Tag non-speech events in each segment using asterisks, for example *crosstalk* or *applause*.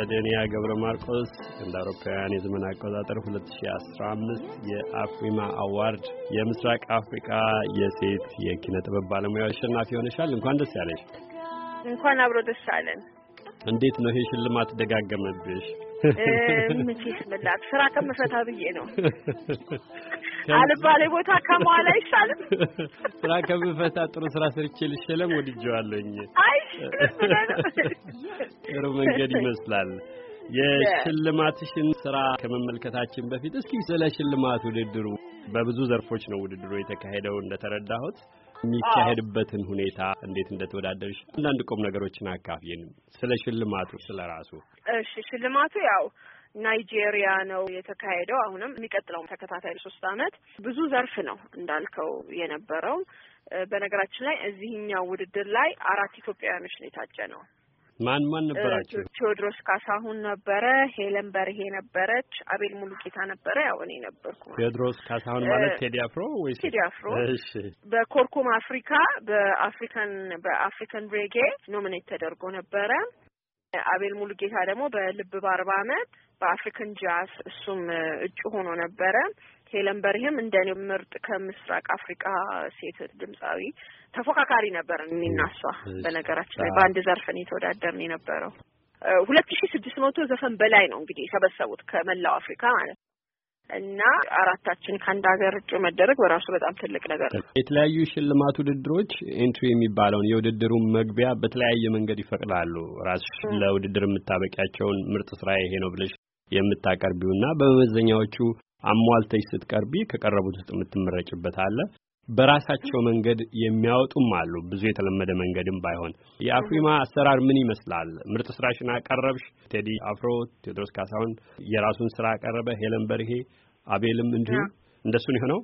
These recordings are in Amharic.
ቀደንያ ገብረ ማርቆስ እንደ አውሮፓውያን የዘመን አቆጣጠር 2015 የአፍሪማ አዋርድ የምስራቅ አፍሪካ የሴት የኪነ ጥበብ ባለሙያ አሸናፊ ሆነሻል። እንኳን ደስ ያለሽ። እንኳን አብሮ ደስ አለን። እንዴት ነው ይሄ ሽልማት ደጋገመብሽ? ምንስ ምላክ ስራ ከመፈታ ብዬ ነው *laughs* አልባሌ ቦታ ከመዋል አይሻልም? ስራ ከምፈታ ጥሩ ስራ ሰርቼ ልሸለም ወድጄዋለሁኝ። አይ ጥሩ መንገድ ይመስላል። የሽልማትሽን ስራ ከመመልከታችን በፊት እስኪ ስለ ሽልማት ውድድሩ በብዙ ዘርፎች ነው ውድድሩ የተካሄደው እንደተረዳሁት የሚካሄድበትን ሁኔታ እንዴት እንደተወዳደርሽ አንዳንድ ቁም ነገሮችን አካፍየን። ስለ ሽልማቱ ስለ ራሱ። እሺ፣ ሽልማቱ ያው ናይጄሪያ ነው የተካሄደው። አሁንም የሚቀጥለው ተከታታይ ሶስት አመት ብዙ ዘርፍ ነው እንዳልከው የነበረው። በነገራችን ላይ እዚህኛው ውድድር ላይ አራት ኢትዮጵያውያኖች ነው የታጨ ነው። ማን ማን ነበራቸው? ቴዎድሮስ ካሳሁን ነበረ፣ ሄለን በርሄ ነበረች፣ አቤል ሙሉጌታ ነበረ፣ ያው እኔ ነበርኩ። ቴዎድሮስ ካሳሁን ማለት ቴዲ አፍሮ ወይስ ቴዲ አፍሮ? እሺ። በኮርኩም አፍሪካ በአፍሪካን በአፍሪካን ሬጌ ኖሚኔት ተደርጎ ነበረ። አቤል ሙሉጌታ ደግሞ በልብ በአርባ አመት በአፍሪካን ጃዝ እሱም እጩ ሆኖ ነበረ። ሄለን በርሄም እንደኔ ምርጥ ከምስራቅ አፍሪካ ሴት ድምፃዊ ተፎካካሪ ነበር እኔና በነገራችን ላይ በአንድ ዘርፍ ነው የተወዳደርን የነበረው። ሁለት ሺ ስድስት መቶ ዘፈን በላይ ነው እንግዲህ የሰበሰቡት ከመላው አፍሪካ ማለት እና አራታችን ከአንድ ሀገር እጩ መደረግ በራሱ በጣም ትልቅ ነገር ነው። የተለያዩ ሽልማት ውድድሮች ኤንትሪ የሚባለውን የውድድሩን መግቢያ በተለያየ መንገድ ይፈቅዳሉ። ራስሽ ለውድድር የምታበቂያቸውን ምርጥ ስራ ይሄ ነው ብለሽ የምታቀርቢው ና በመመዘኛዎቹ አሟልተሽ ስትቀርቢ ከቀረቡት ውስጥ የምትመረጭበት አለ። በራሳቸው መንገድ የሚያወጡም አሉ። ብዙ የተለመደ መንገድም ባይሆን የአፍሪማ አሰራር ምን ይመስላል? ምርጥ ስራሽን አቀረብሽ። ቴዲ አፍሮ፣ ቴዎድሮስ ካሳሁን የራሱን ስራ አቀረበ። ሄለን በርሄ፣ አቤልም እንዲሁ እንደሱን የሆነው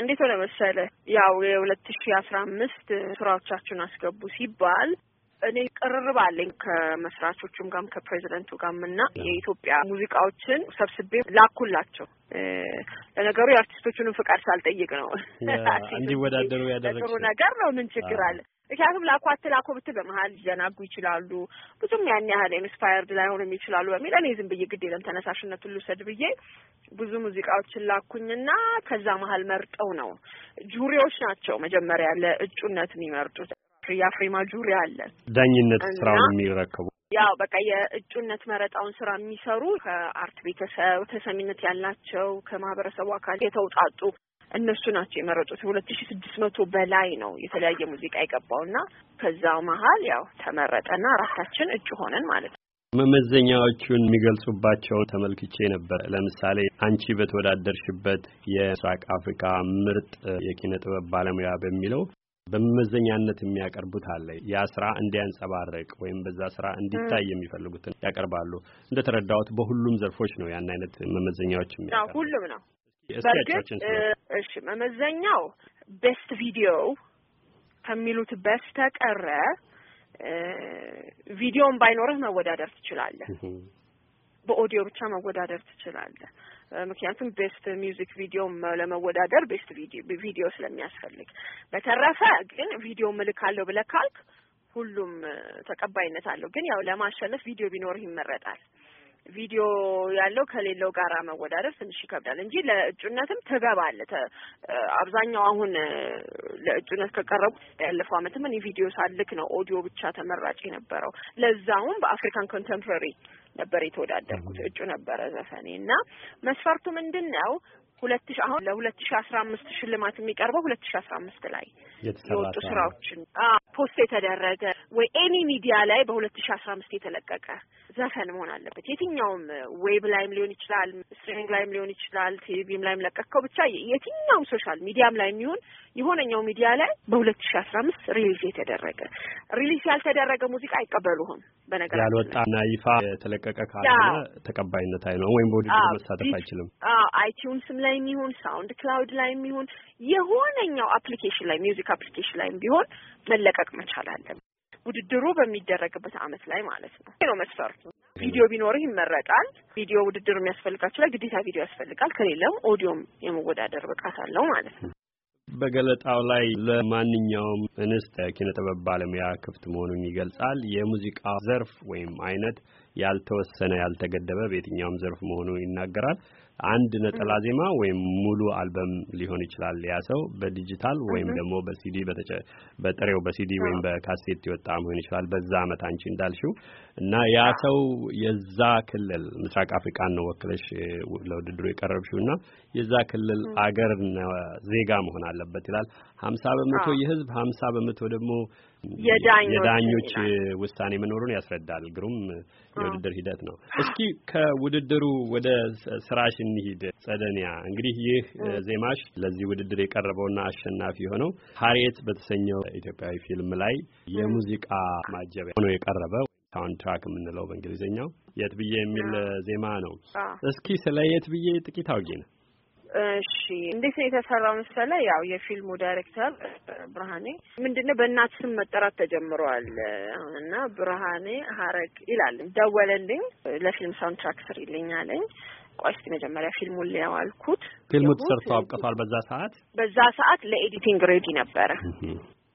እንዴት ሆነ መሰለ ያው የሁለት ሺ አስራ አምስት ስራዎቻችሁን አስገቡ ሲባል እኔ ቅርርብ አለኝ ከመስራቾቹም ጋርም ከፕሬዚደንቱ ጋርም እና የኢትዮጵያ ሙዚቃዎችን ሰብስቤ ላኩላቸው። ለነገሩ የአርቲስቶቹንም ፍቃድ ሳልጠይቅ ነው *laughs* እንዲወዳደሩ ያደረግ ጥሩ ነገር ነው። ምን ችግር አለ? ምክንያቱም ላኩ አትላኩ ብትል በመሀል ሊዘናጉ ይችላሉ። ብዙም ያን ያህል ኢንስፓየርድ ላይሆኑም ይችላሉ በሚል እኔ ዝም ብዬ ግድ የለም ተነሳሽነቱን ልውሰድ ብዬ ብዙ ሙዚቃዎችን ላኩኝና ከዛ መሀል መርጠው ነው ጁሪዎች ናቸው መጀመሪያ ለእጩነት የሚመርጡት። የአፍሬ ማጁሪ አለ ዳኝነት ስራውን የሚረከቡ ያው በቃ የእጩነት መረጣውን ስራ የሚሰሩ ከአርት ቤተሰብ ተሰሚነት ያላቸው ከማህበረሰቡ አካል የተውጣጡ እነሱ ናቸው የመረጡት። ሁለት ሺ ስድስት መቶ በላይ ነው የተለያየ ሙዚቃ የገባውና ከዛው መሀል ያው ተመረጠና ራሳችን እጩ ሆነን ማለት ነው። መመዘኛዎቹን የሚገልጹባቸውን ተመልክቼ ነበር። ለምሳሌ አንቺ በተወዳደርሽበት የምስራቅ አፍሪካ ምርጥ የኪነ ጥበብ ባለሙያ በሚለው በመመዘኛነት የሚያቀርቡት አለ። ያ ስራ እንዲያንጸባረቅ ወይም በዛ ስራ እንዲታይ የሚፈልጉትን ያቀርባሉ። ተረዳሁት በሁሉም ዘርፎች ነው ያን አይነት መመዘኛዎች ሁሉም ነው በእርግጥ። እሺ መመዘኛው ቤስት ቪዲዮ ከሚሉት በስተቀረ ቪዲዮን ባይኖርህ መወዳደር ትችላለህ። በኦዲዮ ብቻ መወዳደር ትችላለህ። ምክንያቱም ቤስት ሚውዚክ ቪዲዮ ለመወዳደር ቤስት ቪዲዮ ስለሚያስፈልግ፣ በተረፈ ግን ቪዲዮ ምልክ አለው ብለህ ካልክ ሁሉም ተቀባይነት አለው። ግን ያው ለማሸነፍ ቪዲዮ ቢኖርህ ይመረጣል። ቪዲዮ ያለው ከሌለው ጋራ መወዳደር ትንሽ ይከብዳል እንጂ ለእጩነትም ትገባለህ። አብዛኛው አሁን ለእጩነት ከቀረቡት ያለፈው አመትም እኔ ቪዲዮ ሳልክ ነው ኦዲዮ ብቻ ተመራጭ የነበረው። ለዛውም በአፍሪካን ኮንቴምፖራሪ ነበር የተወዳደርኩት። እጩ ነበረ ዘፈኔ እና መስፈርቱ ምንድን ነው? ሁለት ሺ አሁን ለሁለት ሺ አስራ አምስት ሽልማት የሚቀርበው ሁለት ሺ አስራ አምስት ላይ የወጡ ስራዎችን ፖስት የተደረገ ወይ ኤኒ ሚዲያ ላይ በሁለት ሺ አስራ አምስት የተለቀቀ ዘፈን መሆን አለበት። የትኛውም ዌብ ላይም ሊሆን ይችላል፣ ስትሪሚንግ ላይም ሊሆን ይችላል፣ ቲቪም ላይም ለቀቀው ብቻ የትኛውም ሶሻል ሚዲያም ላይ የሚሆን የሆነኛው ሚዲያ ላይ በሁለት ሺ አስራ አምስት ሪሊዝ የተደረገ ሪሊዝ ያልተደረገ ሙዚቃ አይቀበሉህም። በነገር ያልወጣና ይፋ የተለቀቀ ካልሆነ ተቀባይነት አይኖርም፣ ወይም በውድድር መሳተፍ አይችልም። አይቲዩንስም ላይ የሚሆን ሳውንድ ክላውድ ላይ የሚሆን የሆነኛው አፕሊኬሽን ላይ ሚውዚክ አፕሊኬሽን ላይም ቢሆን መለቀቅ መቻል አለን። ውድድሩ በሚደረግበት አመት ላይ ማለት ነው ነው መስፈርቱ። ቪዲዮ ቢኖርህ ይመረጣል። ቪዲዮ ውድድሩ የሚያስፈልጋቸው ላይ ግዴታ ቪዲዮ ያስፈልጋል። ከሌላው ኦዲዮም የመወዳደር ብቃት አለው ማለት ነው። በገለጣው ላይ ለማንኛውም እንስት ኪነጥበብ ባለሙያ ክፍት መሆኑን ይገልጻል። የሙዚቃ ዘርፍ ወይም አይነት ያልተወሰነ ያልተገደበ በየትኛውም ዘርፍ መሆኑ ይናገራል። አንድ ነጠላ ዜማ ወይም ሙሉ አልበም ሊሆን ይችላል። ያ ሰው በዲጂታል ወይም ደግሞ በሲዲ በጥሬው በሲዲ ወይም በካሴት የወጣ መሆን ይችላል። በዛ አመት አንቺ እንዳልሽው እና ያ ሰው የዛ ክልል ምስራቅ አፍሪካን ነው ወክለሽ ለውድድሩ የቀረብሽው እና የዛ ክልል አገር ዜጋ መሆን አለበት ይላል። ሀምሳ በመቶ የህዝብ ሀምሳ በመቶ ደግሞ የዳኞች ውሳኔ መኖሩን ያስረዳል። ግሩም የውድድር ሂደት ነው። እስኪ ከውድድሩ ወደ ስራሽ እንሂድ። ጸደንያ፣ እንግዲህ ይህ ዜማሽ ለዚህ ውድድር የቀረበውና አሸናፊ የሆነው ሀሬት በተሰኘው ኢትዮጵያዊ ፊልም ላይ የሙዚቃ ማጀቢያ ሆኖ የቀረበው ሳውንድ የምንለው በእንግሊዝኛው የት ብዬ የሚል ዜማ ነው። እስኪ ስለ የት ብዬ ጥቂት አውጊ ነው እሺ እንዴት ነው የተሰራው መሰለ ያው የፊልሙ ዳይሬክተር ብርሃኔ ምንድነው በእናት ስም መጠራት ተጀምረዋል አሁን እና ብርሃኔ ሀረግ ይላል ደወለልኝ ለፊልም ሳውንትራክ ስሪልኝ አለኝ ቆይ እስኪ መጀመሪያ ፊልሙን ሊያው አልኩት ፊልሙ ተሰርቶ አብቅቷል በዛ ሰዓት በዛ ሰዓት ለኤዲቲንግ ሬዲ ነበረ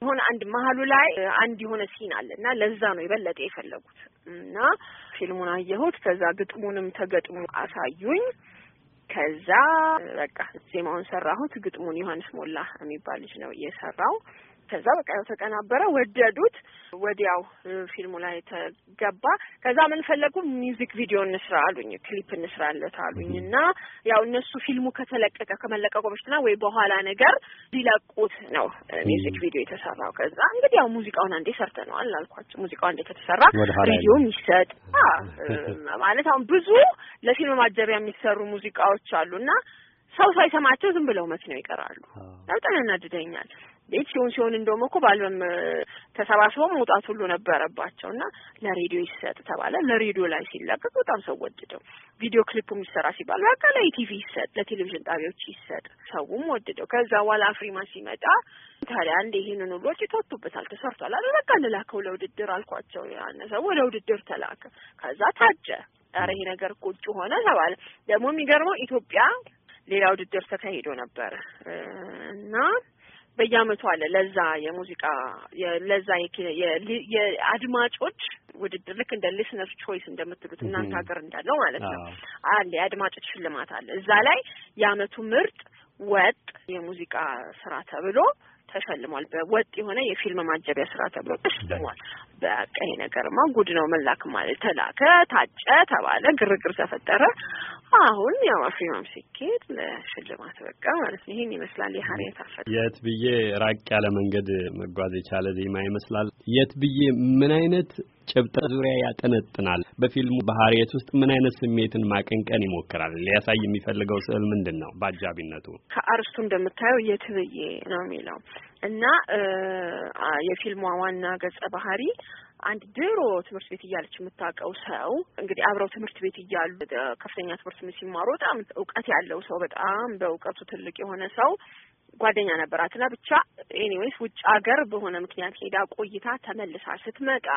የሆነ አንድ መሀሉ ላይ አንድ የሆነ ሲን አለ እና ለዛ ነው የበለጠ የፈለጉት እና ፊልሙን አየሁት ከዛ ግጥሙንም ተገጥሞ አሳዩኝ ከዛ በቃ ዜማውን ሰራሁት። ግጥሙን ዮሐንስ ሞላ የሚባል ልጅ ነው የሰራው። ከዛ በቃ ያው ተቀናበረ፣ ወደዱት። ወዲያው ፊልሙ ላይ ተገባ። ከዛ ምን ፈለጉ? ሚውዚክ ቪዲዮ እንስራ አሉኝ፣ ክሊፕ እንስራለት አሉኝ እና ያው እነሱ ፊልሙ ከተለቀቀ ከመለቀቁ በፊትና ወይ በኋላ ነገር ሊለቁት ነው ሚውዚክ ቪዲዮ የተሰራው። ከዛ እንግዲህ ያው ሙዚቃውን አንዴ ሰርተነዋል አልኳቸው። ሙዚቃው እንዴ ከተሰራ ሬዲዮ የሚሰጥ ማለት አሁን ብዙ ለፊልም ማጀቢያ የሚሰሩ ሙዚቃዎች አሉ እና ሰው ሳይሰማቸው ዝም ብለው መስ ነው ይቀራሉ። በጣም ያናድደኛል። ቤት ሲሆን ሲሆን እንደውም እኮ ባልበም ተሰባስበው መውጣት ሁሉ ነበረባቸው እና ለሬዲዮ ይሰጥ ተባለ። ለሬዲዮ ላይ ሲለቀቅ በጣም ሰው ወደደው። ቪዲዮ ክሊፑም ይሰራ ሲባል በቃ ቲቪ ይሰጥ፣ ለቴሌቪዥን ጣቢያዎች ይሰጥ፣ ሰውም ወድደው ከዛ በኋላ አፍሪማ ሲመጣ ታዲያ አንድ ይህንን ሁሉ ወጪ ተወጥቶበታል፣ ተሰርቷል አለ። በቃ እንላከው ለውድድር አልኳቸው። ያነ ሰው ወደ ውድድር ተላከ። ከዛ ታጀ። ኧረ ይሄ ነገር ቁጭ ሆነ ተባለ። ደግሞ የሚገርመው ኢትዮጵያ ሌላ ውድድር ተካሂዶ ነበር እና በየአመቱ አለ ለዛ የሙዚቃ ለዛ የአድማጮች ውድድር ልክ እንደ ሊስነር ቾይስ እንደምትሉት እናንተ ሀገር እንዳለው ማለት ነው አለ የአድማጮች ሽልማት አለ። እዛ ላይ የአመቱ ምርጥ ወጥ የሙዚቃ ስራ ተብሎ ተሸልሟል። በወጥ የሆነ የፊልም ማጀቢያ ስራ ተብሎ ተሸልሟል። በቃ ይሄ ነገርማ ጉድ ነው። መላክ ማለት ተላከ፣ ታጨ፣ ተባለ፣ ግርግር ተፈጠረ። አሁን ያው ፊልም ሲኬድ ለሽልማት በቃ ማለት ነው። ይሄን ይመስላል የሀሬት አፈ የት ብዬ ራቅ ያለ መንገድ መጓዝ የቻለ ዜማ ይመስላል። የት ብዬ ምን አይነት ጭብጥ ዙሪያ ያጠነጥናል? በፊልሙ ባህሪየት ውስጥ ምን አይነት ስሜትን ማቀንቀን ይሞክራል? ሊያሳይ የሚፈልገው ስዕል ምንድን ነው? በአጃቢነቱ ከአርስቱ እንደምታየው የት ብዬ ነው የሚለው እና የፊልሟ ዋና ገጸ ባህሪ አንድ ድሮ ትምህርት ቤት እያለች የምታውቀው ሰው እንግዲህ አብረው ትምህርት ቤት እያሉ ከፍተኛ ትምህርት ሲማሩ በጣም እውቀት ያለው ሰው በጣም በእውቀቱ ትልቅ የሆነ ሰው ጓደኛ ነበራት እና ብቻ ኤኒዌይስ ውጭ ሀገር በሆነ ምክንያት ሄዳ ቆይታ ተመልሳ ስትመጣ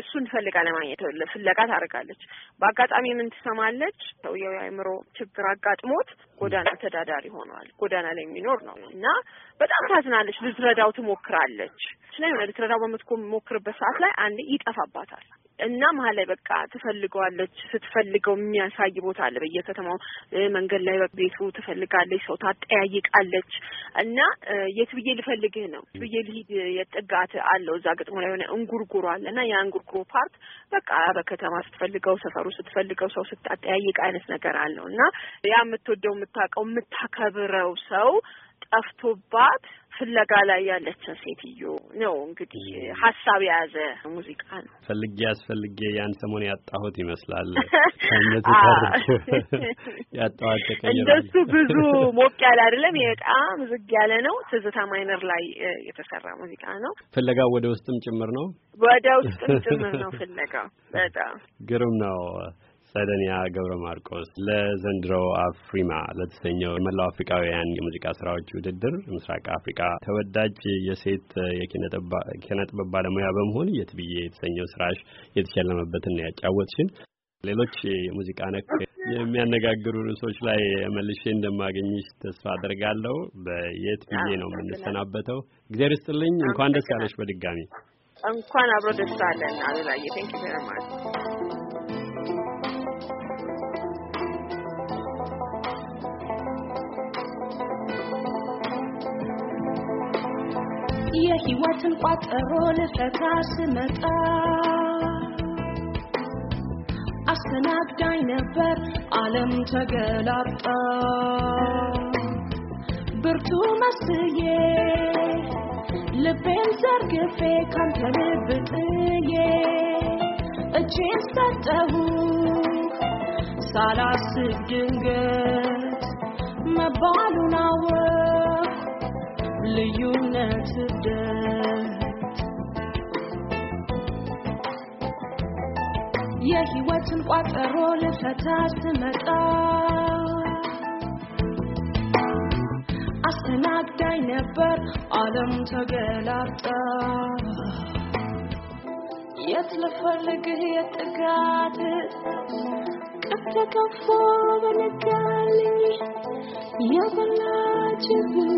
እሱን ፈልጋ ለማግኘት ፍለጋ ታደርጋለች። በአጋጣሚ ምን ትሰማለች? ሰውየው የአእምሮ ችግር አጋጥሞት ጎዳና ተዳዳሪ ሆኗል። ጎዳና ላይ የሚኖር ነው እና በጣም ታዝናለች። ልትረዳው ትሞክራለች። ላይ ሆነ ልትረዳው በምትሞክርበት ሰዓት ላይ አንዴ ይጠፋባታል። እና መሀል ላይ በቃ ትፈልገዋለች። ስትፈልገው የሚያሳይ ቦታ አለ። በየከተማው መንገድ ላይ ቤቱ ትፈልጋለች፣ ሰው ታጠያይቃለች። እና የት ብዬ ልፈልግህ ነው ብዬ ልሂድ የጥጋት አለው እዛ ግጥሙ ላይ የሆነ እንጉርጉሮ አለ እና ያ እንጉርጉሮ ፓርት በቃ በከተማ ስትፈልገው፣ ሰፈሩ ስትፈልገው፣ ሰው ስታጠያይቅ አይነት ነገር አለው እና ያ የምትወደው የምታውቀው የምታከብረው ሰው ጠፍቶባት ፍለጋ ላይ ያለችን ሴትዮ ነው። እንግዲህ ሀሳብ የያዘ ሙዚቃ ነው። ፈልጌ አስፈልጌ ያን ሰሞን ያጣሁት ይመስላል። *laughs* *laughs* እንደሱ ብዙ ሞቅ ያለ አይደለም፣ በጣም ዝግ ያለ ነው። ትዝታ ማይነር ላይ የተሰራ ሙዚቃ ነው። ፍለጋው ወደ ውስጥም ጭምር ነው፣ ወደ ውስጥም ጭምር ነው ፍለጋው። በጣም ግሩም ነው። ሰደንያ ገብረ ማርቆስ ለዘንድሮ አፍሪማ ለተሰኘው የመላው አፍሪካውያን የሙዚቃ ስራዎች ውድድር ምስራቅ አፍሪካ ተወዳጅ የሴት የኪነ ባለሙያ በመሆን የትብዬ የተሰኘው ስራሽ የተሸለመበትን ያጫወትሽን ሌሎች የሙዚቃ ነክ የሚያነጋግሩ ርዕሶች ላይ መልሼ እንደማገኝሽ ተስፋ አድርጋለሁ። በየት ብዬ ነው የምንሰናበተው። እግዚአብሔር ይስጥልኝ። እንኳን ደስ ያለሽ በድጋሚ እንኳን አብሮ ደስ አለን አሉላ ቴንክ ዩ ማች የህይወትን ቋጠሮ ልፈታ ስመጣ አስተናግዳኝ ነበር ዓለም ተገላብጣ ብርቱ መስዬ ልቤን ዘርግፌ ካንተ ልብ ጥዬ እጄን ሰጠሁ ሳላስብ ድንገት መባሉን አወቅ ልዩነት ውደት የህይወትን ቋጠሮ ልፈታ ስመጣ አስተናግዳኝ ነበር ዓለም ተገላብጣ የት ልፈልግህ የጥጋትህ ቀፍ ተከፎ በነጋልኝ የበላችብኝ